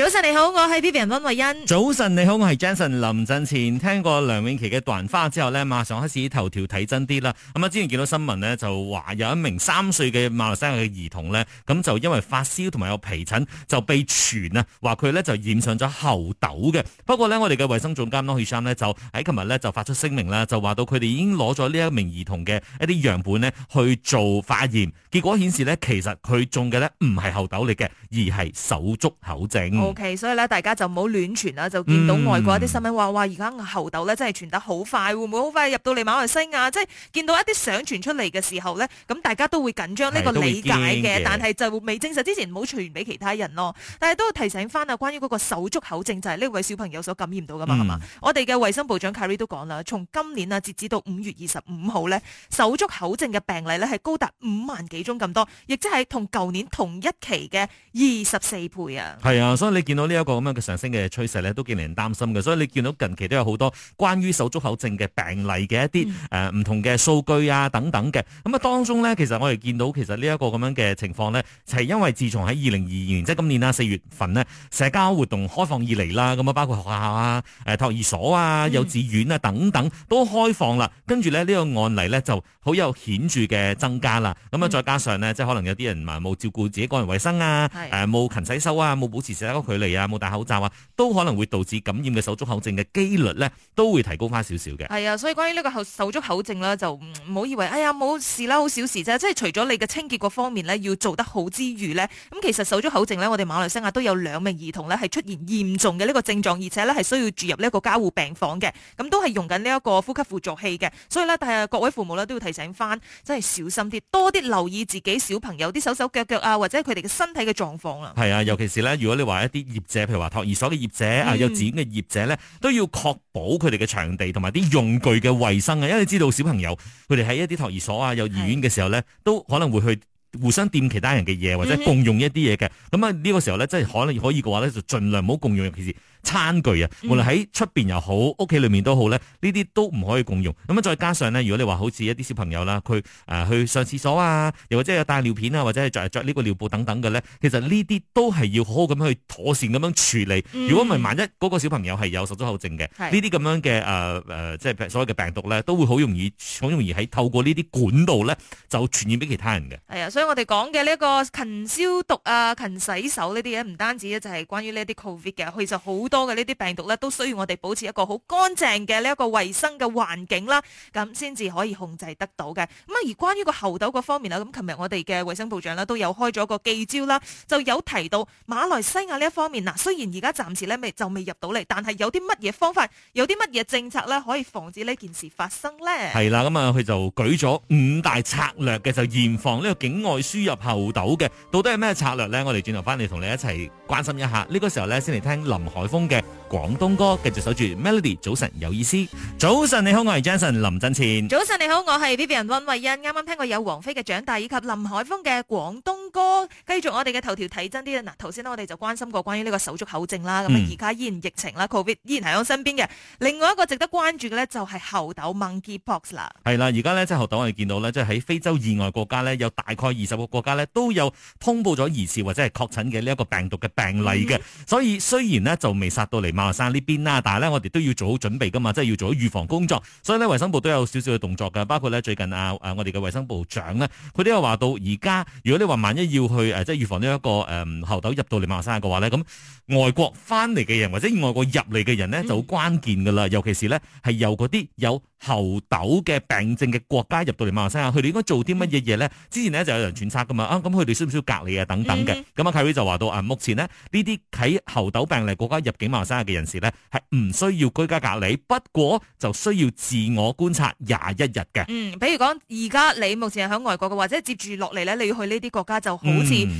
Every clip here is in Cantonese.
早晨你好，我係 Vivian 溫慧欣。早晨你好，我係 Jensen 林振前。聽過梁詠琪嘅《段花》之後呢馬上開始頭條睇真啲啦。咁啊，之前見到新聞呢，就話有一名三歲嘅馬來西亞嘅兒童呢，咁就因為發燒同埋有皮疹，就被傳啊，話佢呢就染上咗喉痘嘅。不過呢，我哋嘅衛生總監 Lau Hui Shan 就喺琴日呢就發出聲明啦，就話到佢哋已經攞咗呢一名兒童嘅一啲樣本呢去做化驗，結果顯示呢，其實佢中嘅呢唔係喉痘嚟嘅，而係手足口症。哦 O.K.，所以咧，大家就唔好亂傳啦。就見到外國一啲新聞話、嗯，哇！而家喉豆咧真係傳得好快，會唔會好快入到嚟馬來西亞、啊？即係見到一啲相傳出嚟嘅時候呢，咁大家都會緊張呢個理解嘅，但係就未證實之前，唔好傳俾其他人咯。但係都提醒翻啊，關於嗰個手足口症就係、是、呢位小朋友所感染到㗎嘛，係、嗯、嘛？我哋嘅衛生部長 Carrie 都講啦，從今年啊，截止到五月二十五號呢，手足口症嘅病例呢係高達五萬幾宗咁多，亦即係同舊年同一期嘅二十四倍啊。啊，你見到呢一個咁樣嘅上升嘅趨勢咧，都幾令人擔心嘅。所以你見到近期都有好多關於手足口症嘅病例嘅一啲誒唔同嘅數據啊等等嘅。咁、嗯、啊當中咧，其實我哋見到其實這這呢一個咁樣嘅情況咧，就係因為自從喺二零二二年，即、就、係、是、今年啦，四月份呢，社交活動開放以嚟啦。咁啊，包括學校啊、誒托兒所啊、幼稚園啊、嗯、等等都開放啦。跟住咧呢、這個案例咧就好有顯著嘅增加啦。咁、嗯、啊、嗯、再加上呢，即係可能有啲人話冇照顧自己個人衛生啊，誒冇、呃、勤洗手啊，冇保持社交距離啊，冇戴口罩啊，都可能會導致感染嘅手足口症嘅機率呢，都會提高翻少少嘅。係啊，所以關於呢個手足口症啦，就唔好以為哎呀冇事啦，好小事啫。即係除咗你嘅清潔個方面呢，要做得好之餘呢，咁其實手足口症呢，我哋馬來西亞都有兩名兒童呢，係出現嚴重嘅呢個症狀，而且呢係需要住入呢一個加護病房嘅，咁都係用緊呢一個呼吸輔助器嘅。所以呢，但係各位父母呢，都要提醒翻，真係小心啲，多啲留意自己小朋友啲手手腳腳啊，或者佢哋嘅身體嘅狀況啊，係啊，尤其是呢，如果你話一啲。業者，譬如話托兒所嘅業者啊，幼稚園嘅業者咧，都要確保佢哋嘅場地同埋啲用具嘅衛生啊，因為你知道小朋友佢哋喺一啲托兒所啊、幼兒園嘅時候咧，都可能會去互相掂其他人嘅嘢，或者共用一啲嘢嘅，咁啊呢個時候咧，即係可能可以嘅話咧，就盡量唔好共用一啲嘢。餐具啊，無論喺出邊又好，屋企裏面都好咧，呢啲都唔可以共用。咁啊，再加上咧，如果你話好似一啲小朋友啦，佢誒、呃、去上廁所啊，又或者有帶尿片啊，或者係着係呢個尿布等等嘅咧，其實呢啲都係要好好咁去妥善咁樣處理。如果唔係，萬一嗰個小朋友係有手足口症嘅，呢啲咁樣嘅誒誒，即、呃、係、呃、所謂嘅病毒咧，都會好容易好容易喺透過呢啲管道咧，就傳染俾其他人嘅。係啊，所以我哋講嘅呢一個勤消毒啊、勤洗手呢啲嘢，唔單止咧，就係關於呢啲 Covid 嘅，其實好多嘅呢啲病毒咧，都需要我哋保持一個好乾淨嘅呢一個衛生嘅環境啦，咁先至可以控制得到嘅。咁啊，而關於個猴痘個方面啦，咁琴日我哋嘅衛生部長咧都有開咗個記招啦，就有提到馬來西亞呢一方面嗱，雖然而家暫時咧未就未入到嚟，但係有啲乜嘢方法，有啲乜嘢政策咧，可以防止呢件事發生咧？係啦，咁啊佢就舉咗五大策略嘅，就嚴防呢個境外輸入猴痘嘅，到底係咩策略咧？我哋轉頭翻嚟同你一齊關心一下。呢、這個時候咧，先嚟聽林海峰嘅廣東歌，繼續守住 Melody。早晨有意思，早晨你好，我係 Jensen 林振前。早晨你好，我係 Vivian 溫慧欣。啱啱聽過有王菲嘅長大，以及林海峰嘅廣東歌，繼續我哋嘅頭條睇真啲啦。嗱，頭先我哋就關心過關於呢個手足口症啦，咁而家依然疫情啦，COVID 依然喺我身邊嘅。另外一個值得關注嘅呢，就係猴痘 Monkeypox 啦。係啦，而家呢，即係猴痘我哋見到呢，即係喺非洲以外國家呢，有大概二十個國家呢，都有通報咗疑似或者係確診嘅呢一個病毒嘅病例嘅，嗯。所以雖然呢，就未殺到嚟馬來西亞呢邊啦，但係咧我哋都要做好準備噶嘛，即係要做好預防工作。所以咧衛生部都有少少嘅動作噶，包括咧最近啊誒、呃、我哋嘅衛生部長咧，佢都有話到而家，如果你話萬一要去誒、呃、即係預防一、這個誒猴痘入到嚟馬來西亞嘅話咧，咁外國翻嚟嘅人或者外國入嚟嘅人咧就好關鍵噶啦，尤其是咧係由嗰啲有猴痘嘅病症嘅國家入到嚟馬來西亞，佢哋應該做啲乜嘢嘢咧？之前咧就有人揣測噶嘛，啊咁佢哋需唔需要隔離啊等等嘅。咁啊 Khairy 就話到啊，目前呢，呢啲喺猴痘病例國家入幾萬三嘅人士呢，係唔需要居家隔離，不過就需要自我觀察廿一日嘅。嗯，比如講，而家你目前係喺外國嘅，或者接住落嚟呢，你要去呢啲國家，就好似誒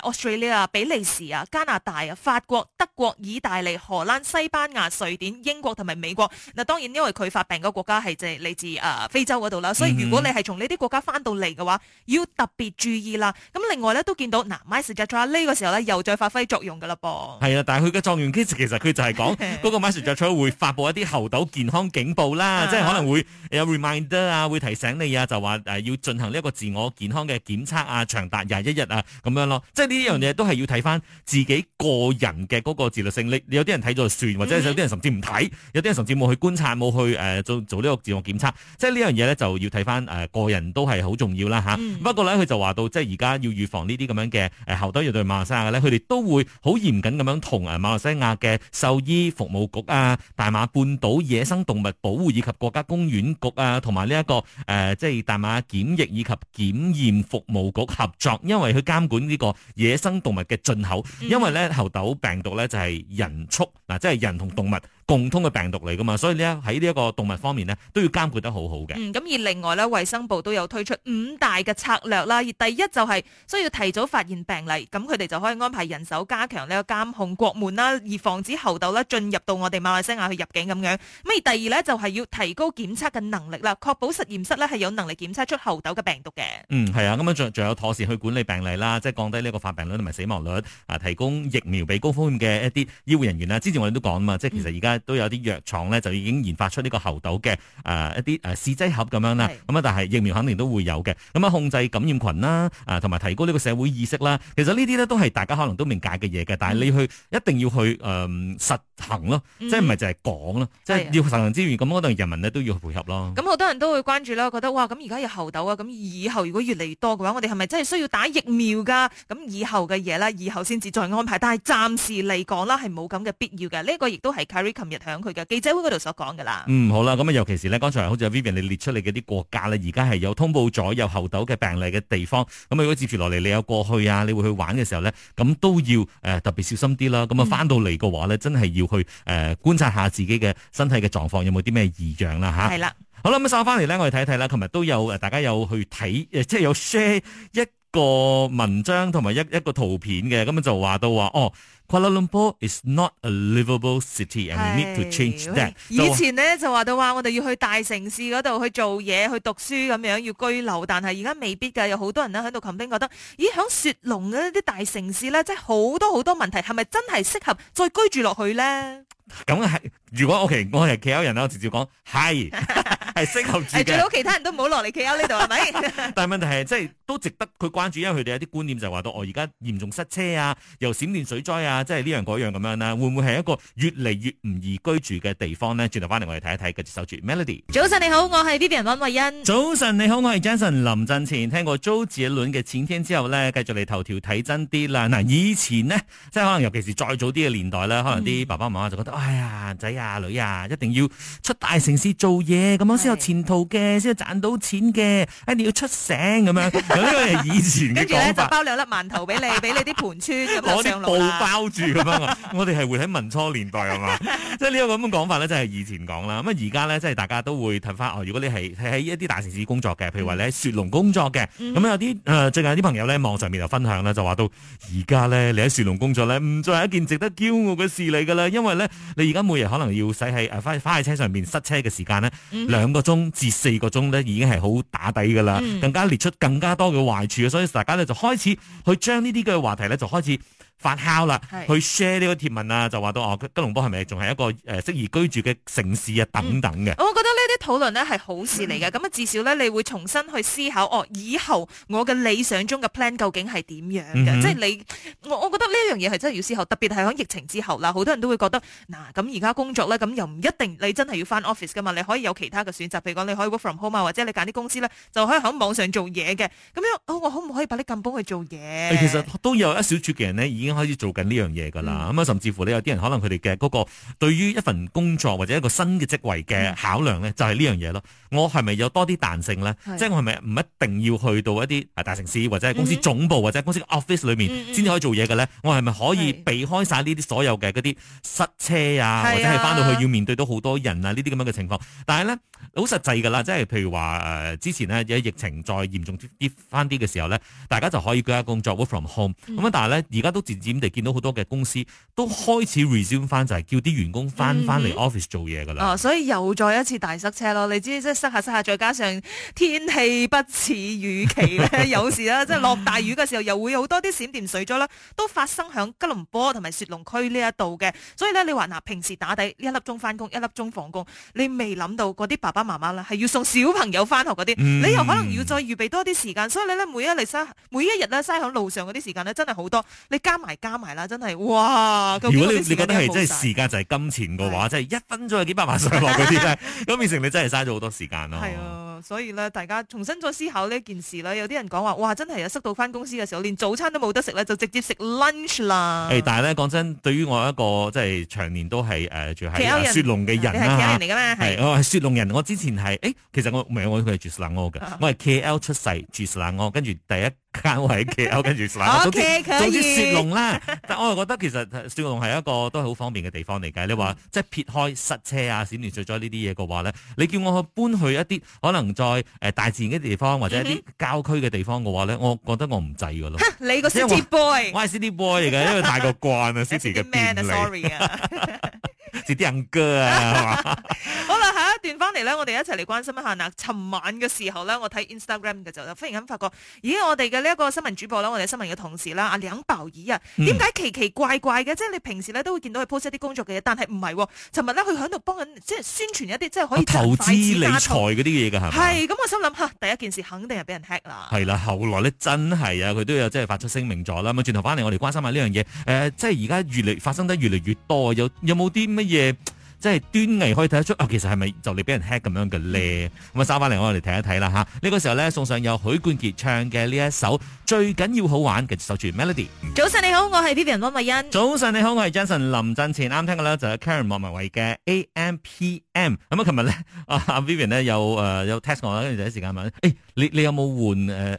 Australia、比利時啊、加拿大啊、法國、德國、意大利、荷蘭、西班牙、瑞典、英國同埋美國。嗱，當然因為佢發病嘅國家係即係嚟自誒非洲嗰度啦，所以如果你係從呢啲國家翻到嚟嘅話，嗯，要特別注意啦。咁另外呢，都見到嗱 mask 呢個時候呢，又再發揮作用㗎啦噃。係啊，但係佢嘅作用其實。其實佢就係講嗰個馬來西出去會發布一啲猴痘健康警報啦，yeah. 即係可能會有 reminder 啊，會提醒你啊，就話誒要進行呢一個自我健康嘅檢測啊，長達廿一日啊咁樣咯。即係呢樣嘢都係要睇翻自己個人嘅嗰個自律性。你你有啲人睇咗就算，或者有啲人甚至唔睇，有啲人甚至冇去觀察，冇去做做呢個自我檢測。即係呢樣嘢咧，就要睇翻誒個人都係好重要啦，mm. 不過咧，佢就話到即係而家要預防呢啲咁樣嘅誒猴痘要對馬來西亞嘅咧，佢哋都會好嚴謹咁樣同誒馬來西亞。嘅獸醫服務局啊，大馬半島野生動物保護以及國家公園局啊，同埋呢一個誒，即係大馬檢疫以及檢驗服務局合作，因為佢監管呢個野生動物嘅進口，因為咧猴痘病毒咧就係人畜嗱，即係人同動物。共通嘅病毒嚟噶嘛，所以呢喺呢一個動物方面呢都要監管得好好嘅。咁、嗯、而另外呢，衞生部都有推出五大嘅策略啦。而第一就係需要提早發現病例，咁佢哋就可以安排人手加強呢個監控國門啦，而防止猴痘啦進入到我哋馬來西亞去入境咁樣。咁而第二呢就係要提高檢測嘅能力啦，確保實驗室呢係有能力檢測出猴痘嘅病毒嘅。嗯，係啊，咁樣仲仲有妥善去管理病例啦，即係降低呢一個發病率同埋死亡率。啊，提供疫苗俾高風險嘅一啲醫護人員啦。之前我哋都講啊嘛，即係其實而家、嗯。都有啲藥廠咧，就已經研發出呢個猴痘嘅誒一啲誒試劑盒咁樣啦。咁啊，但係疫苗肯定都會有嘅。咁啊，控制感染群啦，誒同埋提高呢個社會意識啦。其實呢啲咧都係大家可能都明解嘅嘢嘅。但係你去一定要去誒、呃、實行咯，即係唔係就係講咯？嗯、即係要實行之餘，咁我哋人民咧都要去配合咯。咁好多人都會關注啦，覺得哇！咁而家有猴痘啊，咁以後如果越嚟越多嘅話，我哋係咪真係需要打疫苗㗎？咁以後嘅嘢啦，以後先至再安排。但係暫時嚟講啦，係冇咁嘅必要嘅。呢、這個亦都係響佢嘅記者會度所講噶啦，嗯，好啦，咁啊，尤其是咧，剛才好似 Vivian 你列出嚟嗰啲國家咧，而家係有通報咗有猴痘嘅病例嘅地方，咁如果接住落嚟你有過去啊，你會去玩嘅時候咧，咁都要誒特別小心啲啦。咁啊，翻到嚟嘅話咧，真係要去誒、呃、觀察下自己嘅身體嘅狀況，有冇啲咩異樣啦吓。係、啊、啦，好啦，咁收翻嚟咧，我哋睇一睇啦。琴日都有誒，大家有去睇誒，即係有 share 一。一個文章同埋一一個圖片嘅，咁樣就話到話哦，Kuala Lumpur is not a livable city and we need to change that. Okay. 以前咧就話到話，我哋要去大城市嗰度去做嘢，去讀書咁樣要居留，但係而家未必噶，有好多人咧喺度傾聽，覺得，咦，響雪龍嘅啲大城市咧，即係好多好多問題，係咪真係適合再居住落去咧？咁係，如果我其我係 KL 人啦，直接講係係適合住嘅。係最好其他人都唔好落嚟，企喺呢度，係咪？但係問題係即係。都值得佢關注，因為佢哋有啲觀念就係話到，我而家嚴重塞車啊，又閃電水災啊，即係呢樣嗰樣咁樣啦，會唔會係一個越嚟越唔宜居住嘅地方呢？轉頭翻嚟我哋睇一睇。繼續守住 Melody。早晨你好，我係 Vivian 温慧欣。早晨你好，我係 Jason 林振前。聽過周杰倫嘅《晴天》之後呢，繼續嚟頭條睇真啲啦。嗱，以前呢，即係可能尤其是再早啲嘅年代啦，可能啲爸爸媽媽就覺得、嗯，哎呀，仔啊女啊，一定要出大城市做嘢咁樣先有前途嘅，先賺到錢嘅，一定要出城咁樣。 呢個係以前嘅講法，跟住咧就包兩粒饅頭俾你，俾 你啲盤川咁樣上路 布包住咁樣，我哋係會喺民初年代係嘛？ 即係呢一個咁嘅講法咧，即係以前講啦。咁啊而家咧，即係大家都會睇翻哦。如果你係喺一啲大城市工作嘅，譬如話你喺雪龍工作嘅，咁、嗯、有啲誒、呃、最近有啲朋友咧，網上面就分享咧，就話到而家咧，你喺雪龍工作咧，唔再係一件值得驕傲嘅事嚟㗎啦。因為咧你而家每日可能要使喺誒翻翻車上面塞車嘅時間咧、嗯，兩個鐘至四個鐘咧已經係好打底㗎啦。更加列出更加多。嘅壞處啊，所以大家咧就開始去將呢啲嘅話題咧就開始發酵啦，去 share 呢個貼文啊，就話到哦，吉隆坡係咪仲係一個誒適宜居住嘅城市啊？等等嘅、嗯。我覺得呢啲討論咧係好事嚟嘅。咁、嗯、啊至少咧你會重新去思考，哦以後我嘅理想中嘅 plan 究竟係點樣嘅、嗯？即係你我我覺得呢一樣嘢係真係要思考，特別係喺疫情之後啦，好多人都會覺得嗱，咁而家工作咧咁、嗯、又唔一定你真係要翻 office 噶嘛，你可以有其他嘅選擇，譬如講你可以 work from home 啊，或者你揀啲公司咧就可以喺網上做嘢嘅。咁樣、哦、我可唔可以把你金寶去做嘢？其實都有一小撮嘅人呢。已經開始做緊呢樣嘢噶啦，咁、嗯、啊，甚至乎呢，有啲人可能佢哋嘅嗰個對於一份工作或者一個新嘅職位嘅考量咧，就係呢樣嘢咯。我係咪有多啲彈性咧？即係我係咪唔一定要去到一啲大城市或者係公司總部或者公司 office 裏面先至可以做嘢嘅咧？我係咪可以避開晒呢啲所有嘅嗰啲塞車啊，啊或者係翻到去要面對到好多人啊呢啲咁樣嘅情況？但係咧好實際噶啦，即係譬如話誒、呃、之前呢，有疫情再嚴重啲翻啲嘅時候咧，大家就可以居家工作 work from home、嗯。咁但係咧而家都漸地見到好多嘅公司都開始 resume 翻，就係、是、叫啲員工翻翻嚟 office 做嘢㗎啦。所以又再一次大塞車咯。你知即係塞下塞下，再加上天氣不似預期咧， 有時啦，即、就、落、是、大雨嘅時候，又會有好多啲閃電水災啦，都發生響吉隆坡同埋雪隆區呢一度嘅。所以咧，你話嗱，平時打底一粒鐘翻工，一粒鐘放工，你未諗到嗰啲爸爸媽媽啦，係要送小朋友翻學嗰啲、嗯，你又可能要再預備多啲時間。所以你呢，每一嚟每一日咧嘥喺路上嗰啲時間咧，真係好多。你加。係加埋啦，真係哇！如果你覺得係真係時間就係金錢嘅話，即係一分鐘有幾百萬上落嗰啲咧，咁 變成你真係嘥咗好多時間咯。係啊，所以咧大家重新再思考呢件事啦。有啲人講話，哇，真係呀塞到返公司嘅時候，連早餐都冇得食咧，就直接食 lunch 啦。但係咧講真，對於我一個即係長年都係誒、呃、住喺、啊、雪隆嘅人,、啊、人我係雪隆人。我之前係、欸、其實我名係我係住雪蘭莪嘅，我係 KL 出世住雪蘭莪跟住第一。間位嘅，跟住，總之總之雪龍啦。 但我又覺得其實雪龍係一個都係好方便嘅地方嚟嘅。你話即係撇開塞車啊、閃電、雪咗呢啲嘢嘅話咧，你叫我去搬去一啲可能在誒大自然嘅地方或者一啲郊區嘅地方嘅話咧，嗯，我覺得我唔制噶咯。你 個 city boy，我係 city boy 嚟噶。 因為大個慣啊，city 嘅便利。 自己人哥啊， 好啦，下一段翻嚟咧，我哋一齊嚟關心一下。嗱，尋晚嘅時候咧，我睇 Instagram 嘅就忽然間發覺，咦，我哋嘅呢一個新聞主播啦，我哋新聞嘅同事啦，阿兩鮑爾啊，點解奇奇怪怪嘅？即、嗯、係你平時咧都會見到佢 post 一啲工作嘅嘢，但係唔係。尋日咧佢喺度幫緊，即係宣傳一啲即係可以投資理財嗰啲嘢嘅，係咁，我心諗吓，第一件事肯定係俾人 hack 啦。係啦，啊，後來咧真係啊，佢都有即係發出聲明咗啦。咁轉頭翻嚟，我哋關心下呢樣嘢。誒、呃，即係而家越嚟發生得越嚟越多，有有冇啲？乜嘢即係端倪可以睇得出啊？其實係咪、嗯、就你俾人 hack 咁樣嘅咧？咁啊，收翻嚟我哋睇一睇啦吓。呢個時候咧，送上有許冠傑唱嘅呢一首最緊要好玩嘅首住 melody。早晨你好，我係 Vivian 汪柏恩。早晨你好，我係 Jason 林振前。啱聽嘅咧就係 Karen 莫文蔚嘅 A.M.P.M。咁啊，琴日咧阿 Vivian 咧有誒、呃、有 text 我啦，跟住第一時間問誒。欸你你有冇換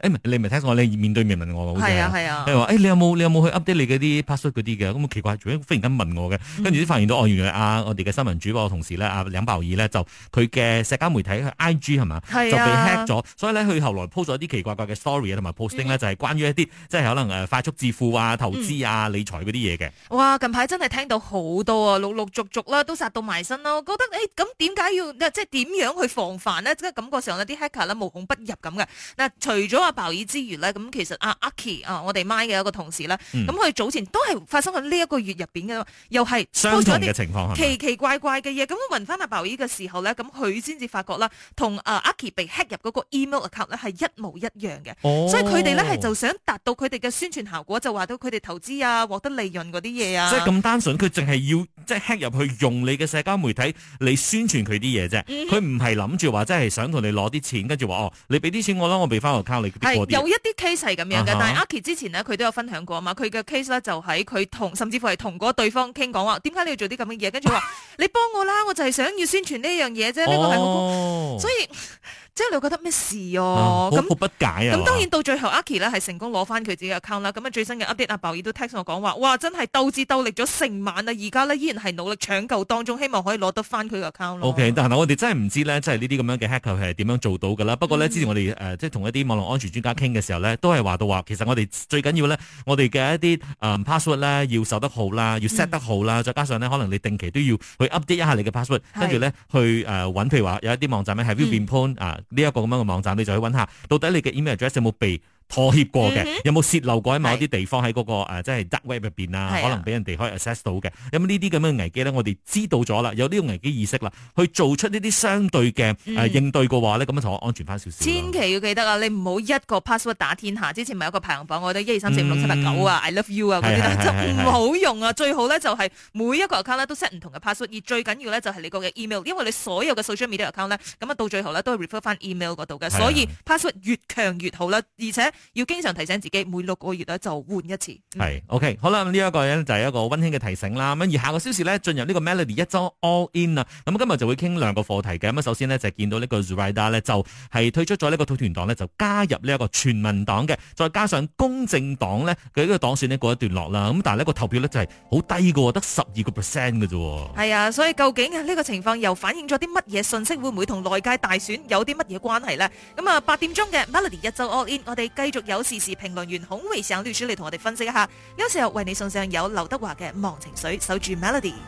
誒？誒、欸、你咪係聽我，你面對面問我嘅，好似啊係啊。你話、欸、你有冇你有冇去 update 你嗰啲 post 嗰啲嘅？咁奇怪，仲要忽然間問我嘅，跟住先發現到哦，原來啊我哋嘅新聞主播嘅同事咧，阿林鮑爾咧就佢嘅社交媒體 IG 係嘛、啊，就被 hack 咗。所以咧佢後來 po 咗一啲奇怪怪嘅 story 啊、嗯，同埋 posting 咧就係、是、關於一啲即係可能快速致富啊、投資啊、嗯、理財嗰啲嘢嘅。哇！近排真係聽到好多啊，陸陸續續啦都殺到埋身咯。我覺得誒咁點解要即係點樣去防範呢？即係感覺上咧啲 hacker 咧無孔不入咁嘅嗱，除咗阿鮑爾之餘咧，咁其實阿阿 Key 啊，我哋 m 嘅一個同事呢，咁、嗯、佢早前都係發生喺呢一個月入邊嘅，又係相同嘅情況，奇奇怪怪嘅嘢。咁我揾翻阿鮑爾嘅時候咧，咁佢先至發覺啦，同阿阿 Key 被 hack 入嗰個 email account 咧係一模一樣嘅、哦。所以佢哋咧係就想達到佢哋嘅宣傳效果，就話到佢哋投資啊，獲得利潤嗰啲嘢啊。即係咁單純，佢淨係要即係 hack 入去用你嘅社交媒體嚟宣傳佢啲嘢啫。佢唔係諗住話，即係想同你攞啲錢，跟住話哦，你俾啲，算我啦，我俾翻個卡你。係有一啲 case 係咁樣嘅，uh-huh. 但係 Aki 之前咧，佢都有分享過啊嘛。佢嘅 case 咧就喺佢同，甚至乎係同嗰個對方傾講話，點解你要做啲咁嘅嘢？跟住話，你幫我啦，我就係想要宣傳呢樣嘢啫，呢個係好，所以。 即係你會覺得咩事哦、啊？咁、啊、好不解啊！咁當然到最後，Akie 咧係成功攞翻佢自己嘅 account 啦。咁啊，最新嘅 Update 阿 b 亦都 text 我講話，哇！真係鬥智鬥力咗成晚啊！而家咧依然係努力搶救當中，希望可以攞得翻佢個 account。O、okay, K，但係我哋真係唔知呢，即係呢啲咁樣嘅 hack 嘅係點樣做到㗎啦？不過呢，嗯、之前我哋誒即係同一啲網絡安全專家傾嘅時候呢，都係話到話，其實我哋最緊要呢，我哋嘅一啲 password 呢要守得好啦，要 set 得好啦、嗯，再加上呢，可能你定期都要去 update 一下你嘅 password，跟住呢去誒揾、呃，譬如話有一啲網站咧係 VPN 啊。呢一個咁樣嘅網站，你就去揾下，到底你嘅 email address 有冇被？妥協過嘅，mm-hmm. 有冇洩漏過喺某啲地方喺嗰、那個即係 dark web 入邊啊？可能俾人哋可以 assess 到嘅、啊。有冇呢啲咁樣危機咧？我哋知道咗啦，有呢個危機意識啦，去做出呢啲相對嘅誒、啊、應對嘅話咧，咁、嗯、樣同我就安全翻少少。千祈要記得啊！你唔好一個 password 打天下。之前咪有一個排行榜，我覺得一二三四五六七八九啊、嗯、，I love you 啊嗰啲咧就唔好用啊。啊最好咧就係每一個 account 都 set 唔同嘅 password，而最緊要咧就係你個嘅 email，因為你所有嘅 social media account 咧，咁啊到最後咧都係 refer 翻 email 嗰度嘅，所以 password 越強越好啦，而且。要經常提醒自己，每六個月咧就換一次。係、嗯、，OK，好啦，呢、嗯、一、這個咧就係一個溫馨嘅提醒啦。咁而下個消息咧，進入呢個 Melody 一周 All In 啊。咁、嗯、今日就會傾兩個課題嘅。咁、嗯、啊，首先呢，就是、見到這個呢個 Zuraida 咧就係、是、退出咗呢個土團黨呢，就加入呢一個全民黨嘅，再加上公正黨呢，佢、這、呢個黨選呢過一段落啦。咁、嗯、但係呢個投票呢，就係好低嘅，得十二個 percent 嘅啫。係啊，所以究竟呢個情況又反映咗啲乜嘢信息？會唔會同內界大選有啲乜嘢關係呢？咁啊八點鐘嘅 Melody 一周 All In，我哋繼。繼續有時事評論員孔維祥律師嚟同我哋分析一下，有時候為你送上由劉德華嘅《忘情水》，守住 Melody。